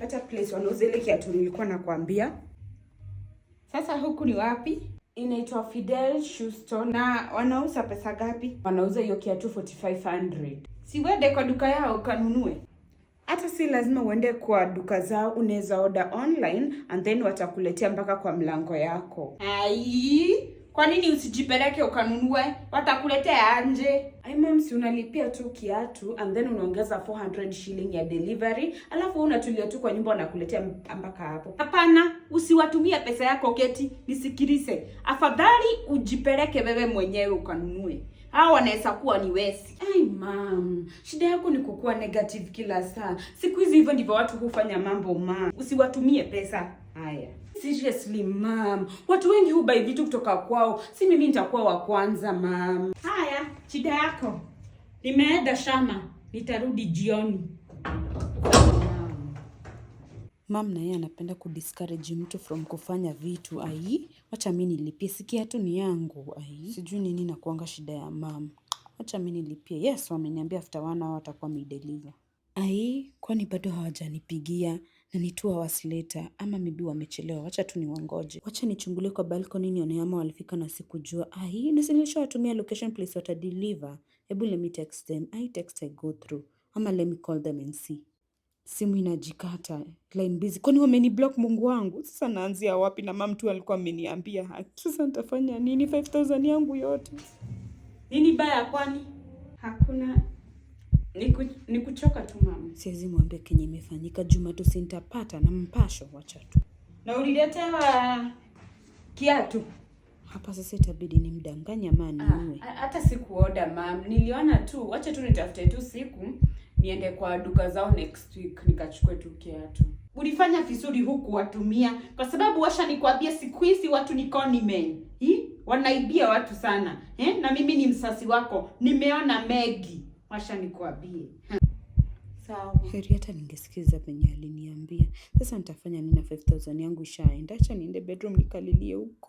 nilipata place wanauza ile kiatu nilikuwa nakwambia. Sasa huku ni wapi? Inaitwa Fidel Shoe Store. Na wanauza pesa gapi? Wanauza hiyo kiatu 4500. Si uende kwa duka yao ukanunue. Hata si lazima uende kwa duka zao, unaweza order online and then watakuletea mpaka kwa mlango yako. Ai, kwa nini usijipeleke ukanunue? Watakuletea anje Ai mom, si unalipia tu kiatu and then unaongeza 400 shilling ya delivery, alafu unatulia tu kwa nyumba wanakuletea mpaka hapo. Hapana, usiwatumie pesa yako keti, nisikilize. Afadhali ujipeleke wewe mwenyewe ukanunue. Hao wanaweza kuwa ni wesi. Ai mam, shida yako ni kukuwa negative kila saa. Siku hizi hivyo ndivyo watu hufanya mambo mam. Usiwatumie pesa. Haya. Seriously mam, watu wengi hubai vitu kutoka kwao. Si mimi nitakuwa wa kwanza mam. Haya, shida yako. Nimeenda shama nitarudi jioni. Mum na yeye anapenda kudiscourage mtu from kufanya vitu ai. Wacha mimi nilipie. Si kiatu ni yangu ai. Sijui nini inakuanga shida ya mum. Wacha mimi nilipie. Yes, wameniambia after one hour watakuwa wameideliver. Ai, kwani bado hawajanipigia na ni two hours later ama maybe wamechelewa. Wacha tu niwangoje. Wacha nichungulie kwa balcony nione ama walifika na sikujua. Ai, na si nishawatumia location place deliver. Hebu let me text them. I text I go through. Ama let me call them and see simu inajikata line busy. Kwani block Mungu wangu? Sasa naanzia wapi? Na mamtu alikuwa ameniambia haki. Sasa nitafanya nini? 5000 yangu yote nini baya? Kwani hakuna niku, nikuchoka tu mama. Siwezi mwambia kenye imefanyika Juma tu sintapata na mpasho, wacha tu. Na uliletewa kiatu hapa sasa, itabidi ni mdanganya mani. Ah, hata sikuoda mama, niliona tu, wacha tu nitafute tu siku niende kwa duka zao next week nikachukue tu kiatu. Ulifanya vizuri huku watumia, kwa sababu washa nikwambia, siku hizi watu ni con men wanaibia watu sana eh? na mimi ni msasi wako, nimeona Megi, washa nikwambie heri hata ningesikiza penye aliniambia. Sasa nitafanya nini na 5000 yangu ishaenda? Acha niende bedroom nikalilie huko.